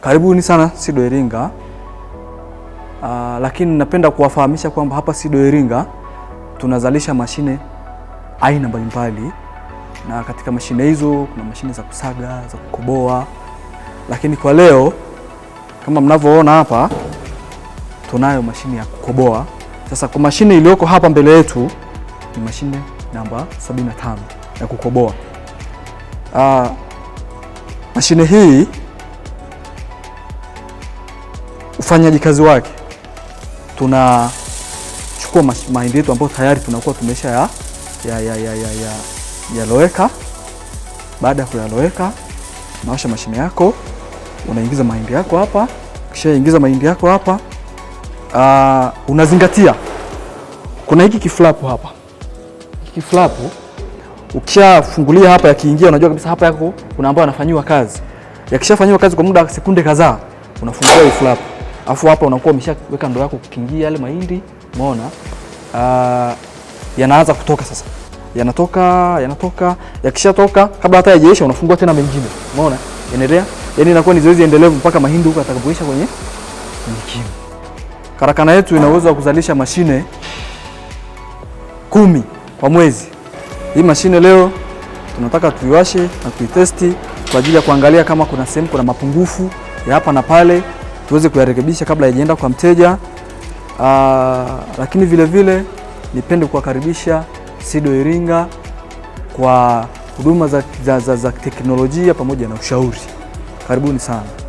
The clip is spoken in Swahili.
Karibuni sana SIDO Iringa. Uh, lakini napenda kuwafahamisha kwamba hapa SIDO Iringa tunazalisha mashine aina mbalimbali, na katika mashine hizo kuna mashine za kusaga, za kukoboa, lakini kwa leo kama mnavyoona hapa tunayo mashine ya kukoboa. Sasa kwa mashine iliyoko hapa mbele yetu ni mashine namba 75 ya kukoboa. Uh, mashine hii ufanyaji kazi wake tunachukua mahindi yetu ambayo tayari tunakuwa tumesha ya, ya, ya, ya, ya, ya, yaloweka. Baada ya kuyaloweka, unawasha mashine yako, unaingiza mahindi yako hapa. Ukishaingiza mahindi yako hapa, uh, unazingatia kuna hiki kiflapu hapa, hiki kiflapu ukishafungulia hapa, yakiingia unajua kabisa hapa yako kuna ambao anafanyiwa kazi. Yakishafanyiwa kazi kwa muda wa sekunde kadhaa, unafungua hii flapu afu hapa unakuwa umeshaweka ndoo yako kukingia yale mahindi, umeona uh, yanaanza kutoka sasa, yanatoka yanatoka, yakishatoka kabla hata yajeisha unafungua tena mengine, umeona endelea. Yani inakuwa ni zoezi endelevu mpaka mahindi huko atakapoisha kwenye mikimu. Karakana yetu ina uwezo wa kuzalisha mashine kumi kwa mwezi. Hii mashine leo tunataka tuiwashe na tuitesti kwa ajili ya kuangalia kama kuna sehemu kuna mapungufu ya hapa na pale tuweze kuyarekebisha kabla haijaenda kwa mteja. Aa, ah, lakini vilevile nipende kuwakaribisha SIDO Iringa kwa huduma za, za, za, za teknolojia pamoja na ushauri. Karibuni sana.